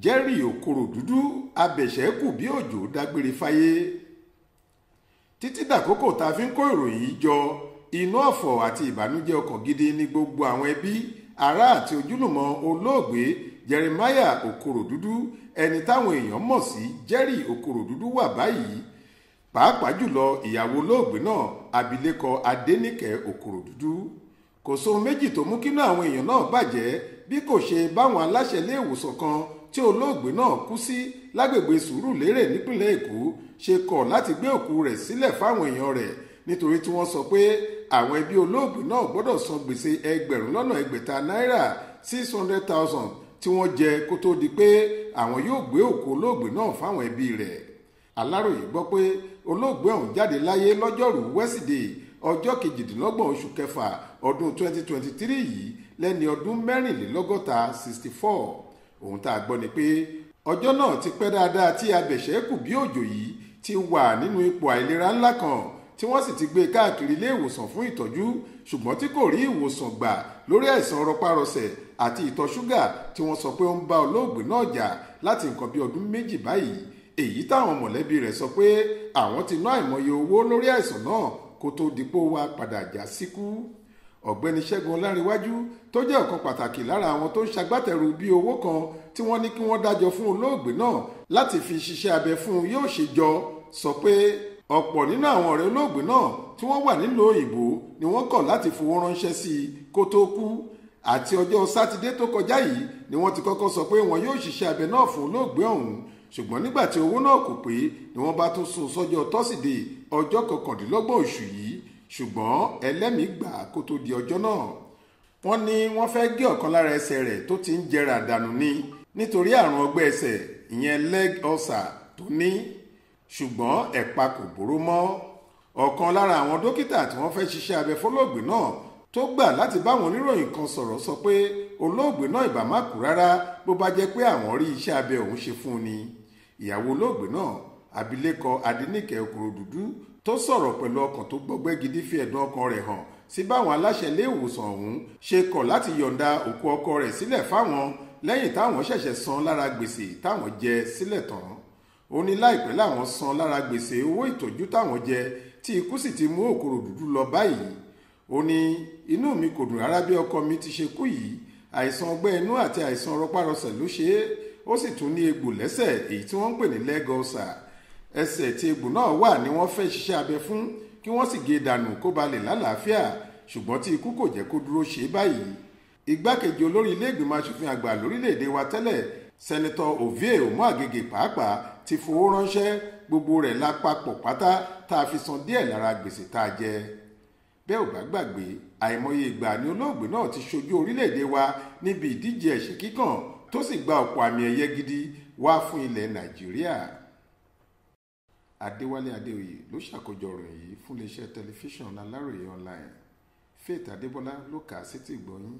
jerry okoro dúdú abẹ̀ṣẹ́kù bí òjò dágbére fáyé títí dàkókò tá a fi ń kó ìròyìn yìí jọ inú ọ̀fọ̀ àti ìbànújẹ́ ọkàn gidi ní gbogbo àwọn ẹbí ará àti ojúlùmọ̀ olóògbé jeremiah okoro dúdú ẹni táwọn èèyàn mọ̀ sí jerry okoro dúdú wà báyìí pàápàá jùlọ ìyàwó olóògbé náà abilékọ adéníkẹ okoro dúdú kò sóhun méjì tó mú kínú àwọn èèyàn náà bàjẹ́ bí kò ṣe báwọn aláṣẹ ilé ìwòsàn kan tí olóògbé náà kú sí lágbègbè Sùúrùlérè nípínlẹ̀ Èkó ṣe kọ̀ láti gbé òkú rẹ̀ sílẹ̀ fáwọn èèyàn rẹ̀ nítorí tí wọ́n sọ pé àwọn ẹbí olóògbé náà gbọ́dọ̀ san gbèsè ẹgbẹ̀rún lọ́nà ẹgbẹ̀ta náírà six hundred thousand tí wọ́n jẹ kó tó di pé àwọn yóò gbé òkú olóògbé náà fáwọn ẹbí rẹ̀ aláròye gbọ́ pé olóògbé ọ̀hún jáde láyé lọ́jọ́rùú wẹ́sídẹ̀ẹ́ ọjọ́ kejìdínlọ́gbọ̀n oṣù kẹfà ọdún 2023 yìí lẹ́ni ọdún mẹ́rìnlélọ́gọ́ta 64 ohun tá a gbọ́ ni pé ọjọ́ náà ti pẹ́ dáadáa tí abẹ̀ṣẹ́kù bí òjò yìí ti wà nínú ipò àìlera ńlá kan tí wọ́n sì ti gbé e káàkiri ilé ìwòsàn fún ìtọ́jú ṣùgbọ́n tí kò rí ìwòsàn gbà lórí àìsàn rọpárọsẹ̀ àti ìtọ̀ ṣúgà tí wọ́n sọ pé ó ń bá olóògbé náà jà láti nǹkan bí ọdún méjì báyìí èyí táwọn mọ̀lẹ́bí rẹ̀ sọ pé àwọn ti ná àìmọye owó lórí àìsàn náà kó tó dipò wa padà já síkú ọ̀gbẹ́ni ṣẹ́gun ọlárẹ̀wájú tó jẹ́ ọ̀kan pàtàkì lára àwọn tó ń ṣagbátẹrù bí owó kan tí wọ́n ní kí wọ́n dájọ́ fún olóògbé náà láti fi ṣiṣẹ́ abẹ fún un yóò ṣe jọ sọ pé ọ̀pọ̀ nínú àwọn ọ̀rẹ́ olóògbé náà tí wọ́n wà nílùú òyìnbó ni wọ́n kọ̀ láti fowó ránṣẹ́ sí i kó tó kú àti ọjọ́ sátidé tó kọjá yìí ni wọ́n ti kọ́kọ́ sọ pé wọn yóò ṣiṣẹ́ abẹ náà fún olóògbé ọ̀hún ṣùgbọ́n nígbà tí owó náà kò pé ni wọ́n bá tún sún sọ́jọ́ tọ́sídẹ̀ẹ́ ọjọ́ kọkàndínlọ́gbọ̀n oṣù yìí ṣùgbọ́n ẹlẹ́mìí gbà kó tó di ọjọ́ náà wọ́n ní wọ́n fẹ́ gé ọ̀kan lára ẹsẹ̀ rẹ̀ tó ti ń jẹrà dànù ni nítorí àrùn ọgbẹ́ ẹsẹ̀ ìyẹn leg ulcer tó ní ṣùgbọ́n ẹ̀pà kò bóró mọ́ ọ̀kan lára àwọn dókítà tí wọ́n fẹ́ ṣiṣẹ́ abẹ fọlọ́ọ̀gbẹ́ náà tó gbà láti báwọn oníròyìn kan sọ̀rọ̀ sọ pé olóògbé náà ìbá má kú rárá bó bá jẹ́ pé àwọn rí iṣẹ́ abẹ òun ṣe fún un ni ìyàwó olóògbé náà abilékọ adẹnìkẹ́ okòrò dúdú tó sọ̀rọ̀ pẹ̀lú ọkàn tó gbọgbẹ́ gidi fi ẹ̀dùn ọkàn rẹ̀ hàn sí báwọn aláṣẹ ilé ìwòsàn ọ̀hún ṣe kọ̀ láti yọ̀ǹda òkú ọkọ rẹ̀ sílẹ̀ fáwọn lẹ́yìn táwọn ṣẹ̀ṣẹ̀ san lára gbèsè táwọn jẹ sílẹ̀ tán ó ní láìpẹ́ làwọn san lára gbèsè owó ìtọ́jú táwọn jẹ tí ikú sì ti mú òkòrò dúdú lọ báyìí ó ní inú mi kò dùn rárá bí ọkọ mi ti ṣe kú yìí àìsàn ọgbẹ́ inú àti àìsàn rọpárọsẹ̀ ló ṣe é ó sì tún ní egbò lẹ́sẹ̀ èyí tí wọ́n ń pè ní leg ulcer ẹsẹ̀ tí egbò náà wà ni wọ́n fẹ́ ṣiṣẹ́ abẹ fún kí wọ́n sì gé e dànù kó ba lè lálàáfíà ṣùgbọ́n tí ikú kò jẹ́ kó dúró ṣe báyìí igbákejì olórí ilé ìgbìmọ̀ asòfin àgbà lórílẹ̀‐èdè wa tẹ́lẹ̀ sẹ́nitọ́ ovie omoagege pàápàá ti fowó ránṣẹ́ gbogbo rẹ̀ lápapọ̀ pátá tá a fi san díẹ̀ lára gbèsè tá a jẹ bẹ́ẹ̀ ò bá gbàgbé àìmọye ìgbà ni olóògbé náà ti ṣojú orílẹ̀‐èdè wa níbi ìdíje ẹ̀ṣẹ́ kíkàn tó sì gba ọ̀pọ̀ àmì ẹ̀yẹ gidi wá fún ilẹ̀ nàìjíríà adéwálé adéoyè ló ṣàkójọ ìròyìn yìí fún iléeṣẹ́ tẹlifíṣàn aláròye online faith adébọlá ló kà á sétí ìgbọ́yín